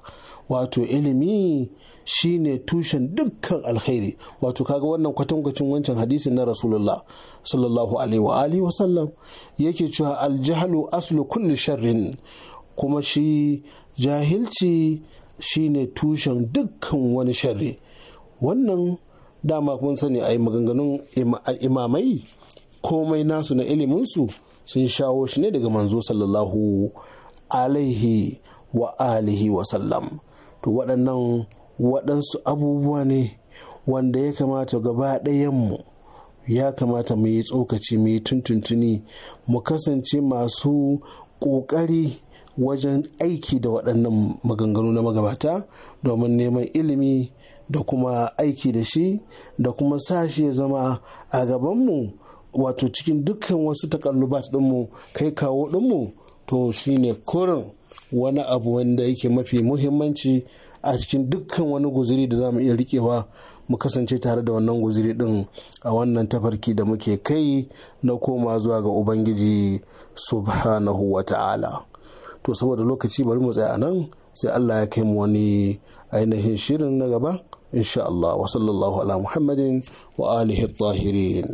wato ilimi shi ne tushen dukkan alkhairi wato kaga wannan kwatankwacin wancan hadisi na rasulullah sallallahu alaihi wa alihi wasallam yake cewa aljahalu aslu kulli sharrin kuma shi jahilci shine tushen dukkan wani sharri wannan dama kun sani a maganganun imamai komai nasu na iliminsu sun shawo shi ne daga manzo sallallahu alaihi wa alihi wa sallam to waɗannan waɗansu abubuwa ne wanda ya kamata gaba ɗayanmu ya kamata mu yi tsokaci mu yi tuntuntuni mu kasance masu ƙoƙari wajen aiki da waɗannan maganganu na magabata domin neman ilimi da kuma aiki da shi da kuma sa shi ya zama a gabanmu wato cikin dukkan wasu takallubat ɗinmu kai kawo ɗinmu to shi ne koren wani abu wanda yake mafi muhimmanci a cikin dukkan wani guziri da za mu iya riƙewa mu kasance tare da wannan guziri ɗin a wannan tafarki da muke kai na koma zuwa ga ubangiji subhanahu wa ta'ala. to saboda lokaci bari mu tsaya anan sai allah ya kai mu wani ainihin shirin na gaba insha Allah wa sallallahu ala muhammadin wa alihi tahirin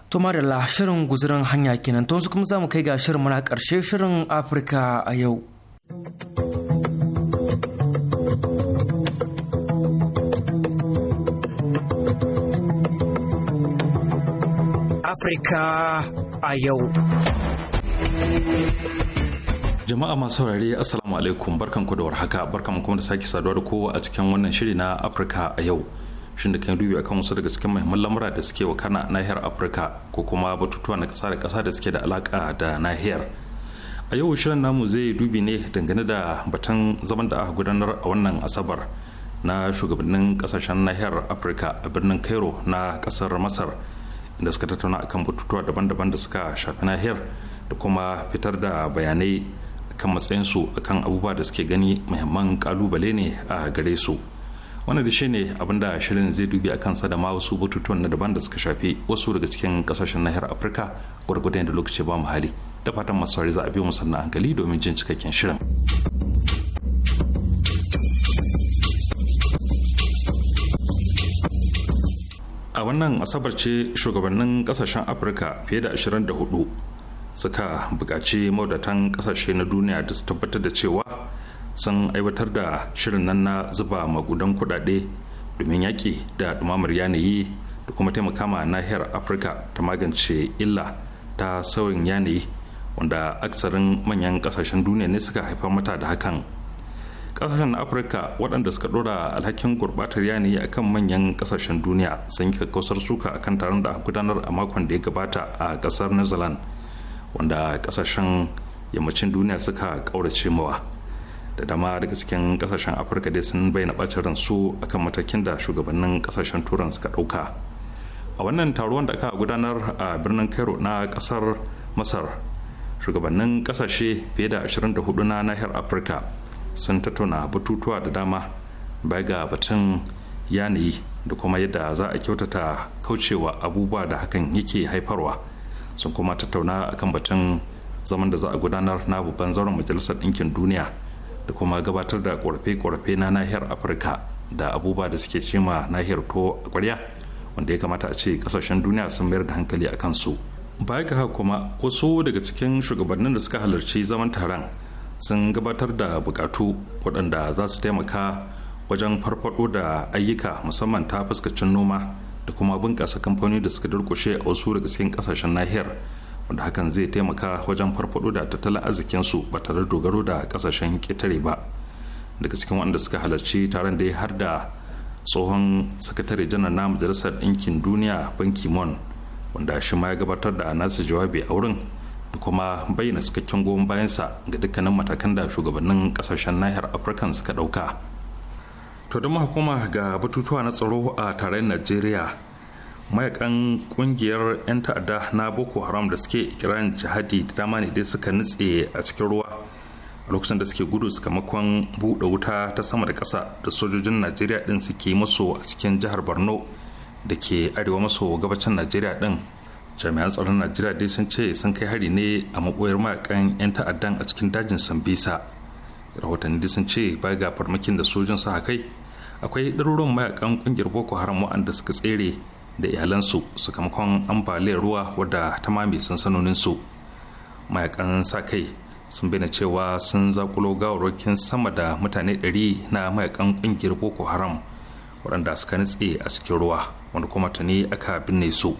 da shirin guzurin hanya kenan to su kuma za mu kai ga shirin mana karshe shirin afirka a yau Afirka a yau. Jama'a masu saurare Assalamu alaikum barkanku da warhaka barkan kuma da sake saduwa da kowa a cikin wannan shiri na Afirka a yau. Shin da kan dubi akan wasu daga cikin muhimman lamura da suke wakana nahiyar Afirka ko kuma batutuwa na kasa da kasa da suke da alaka da nahiyar. A yau shirin namu zai dubi ne dangane da batun zaman da aka gudanar a wannan Asabar na shugabannin kasashen nahiyar Afirka a birnin Cairo na kasar Masar. inda suka tattauna akan batutuwa daban-daban da suka shafi nahiyar da kuma fitar da bayanai kan matsayinsu akan abubuwa da suke gani muhimman kalubale ne a gare su wannan da shi ne abinda shirin zai dubi a kansa da ma wasu batutuwan na daban da suka shafi wasu daga cikin kasashen nahiyar afirka gwargwadon da lokaci ba mu hali da fatan masu za a biyu mu sannan hankali domin jin cikakken shirin. a wannan asabar ce shugabannin kasashen afirka fiye da 24 suka buƙaci maudatan kasashe na duniya da su tabbatar da cewa sun aiwatar da shirin nan na zuba magudan kudade domin yaƙi da ɗumamar yanayi da kuma taimaka ma nahiyar afirka ta magance illa ta sauyin yanayi wanda aksarin manyan kasashen duniya ne suka haifar mata da hakan kasashen afirka waɗanda suka ɗora alhakin gurɓatar yanayi a kan manyan kasashen duniya sun yi kakkausar suka a kan taron da gudanar a makon da ya gabata a ƙasar new zealand wanda kasashen yammacin duniya suka ƙaurace mawa da dama daga cikin kasashen afirka dai sun bayyana ɓacin ransu a kan matakin da shugabannin kasashen turan suka ɗauka a wannan taro wanda aka gudanar a birnin cairo na ƙasar masar shugabannin ƙasashe fiye da 24 na nahiyar afirka sun tattauna batutuwa da dama bai ga batun yanayi da kuma yadda za a kyautata kaucewa abubuwa da hakan yake haifarwa sun kuma tattauna akan batun zaman da za a gudanar na babban zauren majalisar ɗinkin duniya da kuma gabatar da ƙorafe-ƙorafe na nahiyar afirka da abubuwa da suke cima nahiyar to a ƙwarya wanda ya kamata a ce ƙasashen duniya sun mayar da hankali a kansu baya ga kuma wasu daga cikin shugabannin da suka halarci zaman taron sun gabatar da bukatu waɗanda za su taimaka wajen farfaɗo da ayyuka musamman ta fuskacin noma da kuma bunƙasa kamfani da suka durkushe a wasu daga cikin ƙasashen nahiyar wanda hakan zai taimaka wajen farfaɗo da tattalin arzikinsu ba tare da dogaro da ƙasashen ƙetare ba daga cikin waɗanda suka halarci taron da ya har da tsohon sakatare janar na majalisar ɗinkin duniya banki mon wanda shi ma ya gabatar da nasa jawabi a wurin da kuma bayyana cikakken goyon bayansa ga dukkanin matakan da shugabannin kasashen nahiyar afirka suka dauka to don hukuma ga batutuwa na tsaro a tarayyar najeriya mayakan kungiyar 'yan ta'adda na boko haram da suke kiran jihadi da dama ne dai suka nutse a cikin ruwa a lokacin da suke gudu sakamakon buɗe wuta ta sama da ƙasa da sojojin najeriya ɗin suke maso a cikin jihar borno da ke arewa maso gabacin najeriya ɗin jami'an tsaron najeriya dai sun ce sun kai hari ne a makoyar mayakan 'yan ta'addan a cikin dajin sambisa rahotanni dai sun ce baya ga farmakin da sojin sa kai akwai ɗaruruwan mayakan kungiyar boko haram waɗanda suka tsere da iyalansu sakamakon ambaliyar ruwa wadda ta mame su mayakan sa kai sun bayyana cewa sun zakulo gawarwakin sama da mutane 100 na mayakan kungiyar boko haram waɗanda suka nutse a cikin ruwa wanda kuma ta aka binne su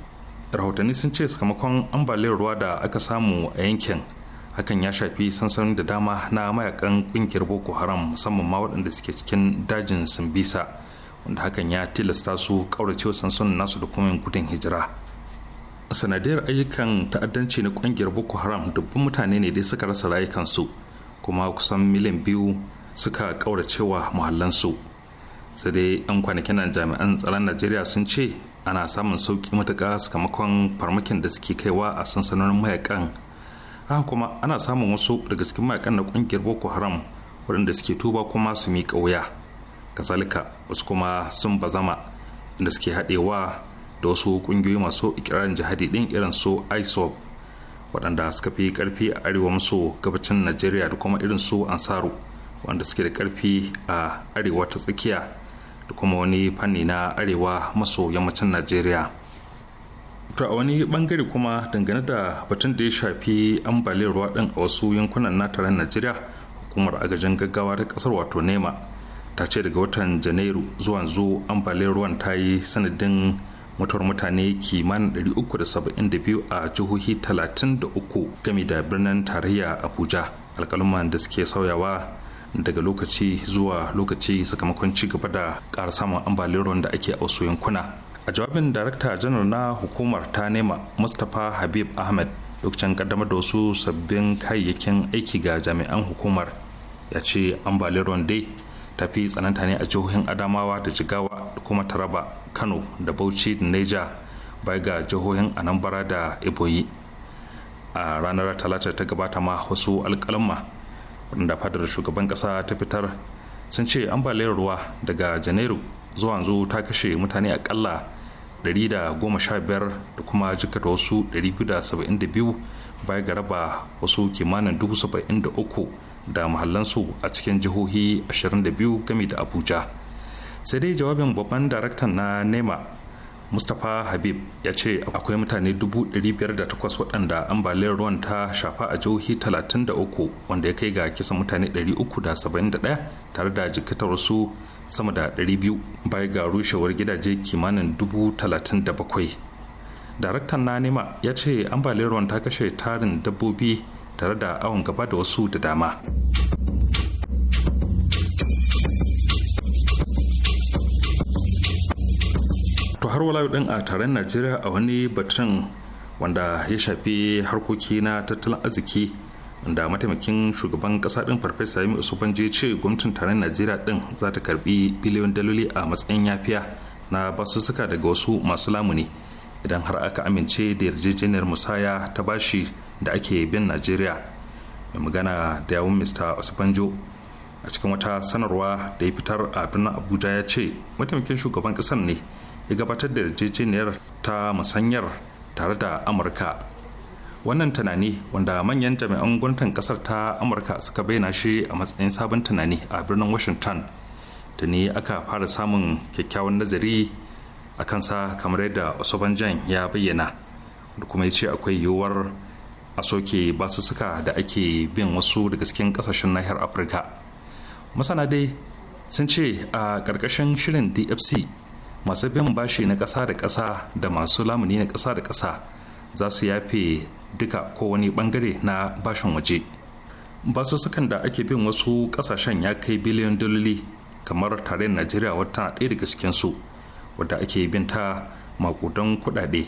rahotanni sun ce sakamakon ambaliyar ruwa da aka samu a yankin hakan ya shafi sansanin da dama na mayakan kungiyar boko haram musamman ma waɗanda suke cikin dajin simbisa wanda hakan ya tilasta su kauracewa sansanin nasu da kuma gudun hijira sanadiyar ayyukan ta'addanci na kungiyar boko haram dubban mutane ne dai suka rasa rayukansu kuma kusan miliyan biyu suka kauracewa muhallansu sai dai 'yan kwanakin jami'an tsaron najeriya sun ce ana samun sauki matuƙa sakamakon farmakin da suke kaiwa a sansanonin mayakan haka kuma ana samun wasu daga cikin mayakan na ƙungiyar boko haram waɗanda suke tuba kuma su miƙa wuya kasalika wasu kuma sun bazama inda suke haɗewa da wasu ƙungiyoyi masu ikirarin jihadi ɗin irin su isop waɗanda suka fi ƙarfi a arewa maso gabacin najeriya da kuma irin su ansaru wanda suke da ƙarfi a arewa ta tsakiya kuma wani fanni na arewa maso yammacin najeriya to a wani bangare kuma dangane da batun da ya shafi ambaliyar ruwa din a wasu yankunan na taron najeriya hukumar agajin gaggawa ta kasar wato nema ta ce daga watan janairu zuwa zo ambaliyar ruwan ta yi sanadin mutuwar mutane kimanin 372 a jihohi 33 gami da birnin tarayya abuja alkaluman da suke sauyawa daga lokaci zuwa lokaci sakamakon ci gaba da ƙara samun ambaliyar ruwan da ake a wasu yankuna a jawabin darakta janar na hukumar ta nema mustapha habib ahmed lokacin kaddamar da wasu sabbin kayayyakin aiki ga jami'an hukumar ya ce ambaliyar ruwan dai ta fi tsananta ne a jihohin adamawa da jigawa da kuma taraba kano da bauchi da neja bai ga jihohin anambra da iboyi a ranar talata ta gabata ma wasu alkalamma. wadanda fadar shugaban kasa ta fitar sun ce ambaliyar ruwa daga janairu zuwa yanzu ta kashe mutane akalla 115 da kuma jikata wasu 272 baya ga raba wasu kimanin 73 da mahallansu a cikin jihohi 22 game da abuja sai dai jawabin babban daraktan na nema mustapha habib ya ce akwai mutane 508 waɗanda ambaliyar ruwan ta shafa a jihohi 33 wanda ya kai ga kisan mutane 371 tare da su sama da 200 baya ga rushewar gidaje kimanin 37,000 daraktan na nema ya ce ambaliyar ruwan ta kashe tarin dabbobi tare da awon gaba da wasu da dama har wala din a taron najeriya a wani batun wanda ya shafi harkoki na tattalin arziki da mataimakin shugaban kasa din farfesa yami usufanje ce gwamnatin taron najeriya din za ta karbi biliyon daloli a matsayin yafiya na basussuka daga wasu masu lamuni idan har aka amince da yarjejeniyar musaya ta bashi da ake bin najeriya mai magana da yawun mr usufanje a cikin wata sanarwa da ya fitar a birnin abuja ya ce mataimakin shugaban kasar ne ya gabatar da yarjejeniyar ta musanyar tare da amurka wannan tunani wanda manyan jami'an gwamnatin kasar ta amurka suka bayyana shi a matsayin sabon tunani a birnin washington tuni aka fara samun kyakkyawan nazari a kansa kamar yadda osobanjan ya bayyana da kuma ya ce akwai yiwuwar a soke basussuka da ake bin wasu daga cikin kasashen nahiyar afirka masana dai sun ce a ƙarƙashin shirin dfc masu bin bashi na ƙasa da ƙasa da masu lamuni na ƙasa da ƙasa za su yafe duka ko wani bangare na bashin waje basussukan da ake bin wasu ƙasashen ya kai biliyan dalili kamar tarayyar najeriya wata ɗaya daga cikinsu wadda ake bin ta makudan kuɗaɗe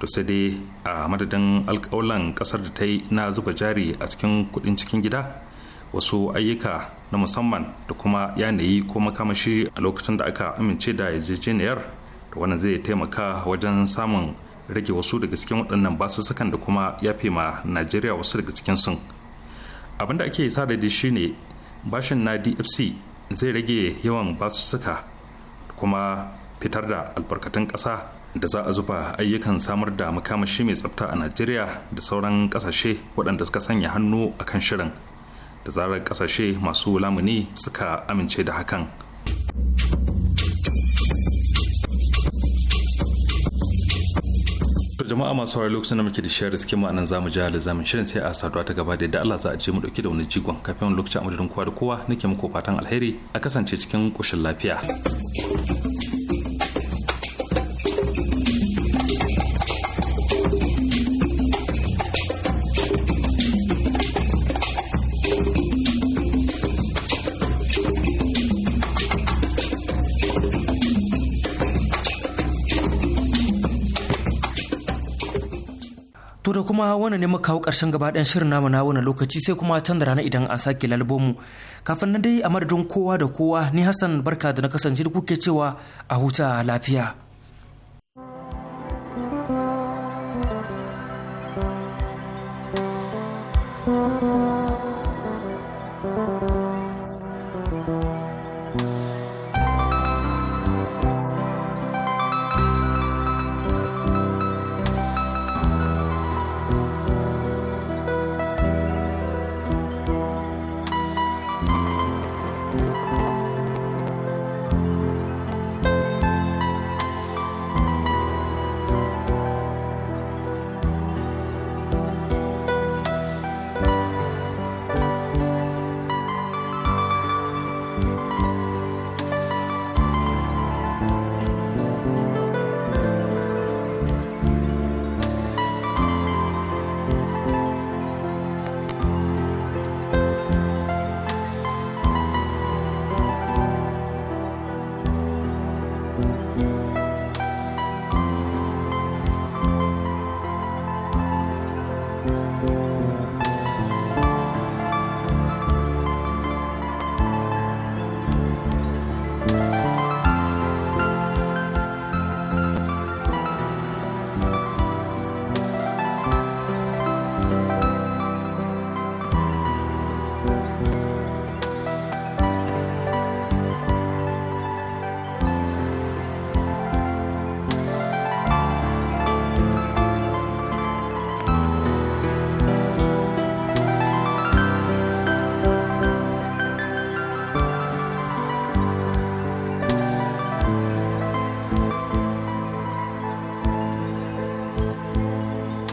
to sai dai a madadin alƙawalan ƙasar da ta yi na zuba jari a cikin kuɗin cikin gida wasu ayyuka na musamman da kuma yanayi ko makamashi a lokacin da aka amince da yarjejeniyar da wannan zai taimaka wajen samun rage wasu daga cikin waɗannan basussukan da kuma fi ma najeriya wasu daga cikin sun abinda ake sa da shi ne bashin na dfc zai rage yawan basussuka kuma fitar da albarkatun ƙasa da za a zuba ayyukan samar da makamashi mai tsafta a najeriya da sauran ƙasashe waɗanda suka sanya hannu a kan shirin da zarar kasashe masu lamuni suka amince da hakan jama'a masu saurari lokacin da muke da shayar suke ma'anan zamu ji halin zamin shirin sai a saduwa ta gaba da yadda Allah za a je mu dauki da wani jigon kafin lokacin amadadin kowa da kowa nake muku fatan alheri a kasance cikin koshin lafiya. kuma wannan ne muka kawo ƙarshen gaba ɗayan shirin namu na wannan lokaci sai kuma can da rana idan an sake lalbomu kafin na dai a madadin kowa da kowa ni hassan barka da na kasance da kuke cewa a huta lafiya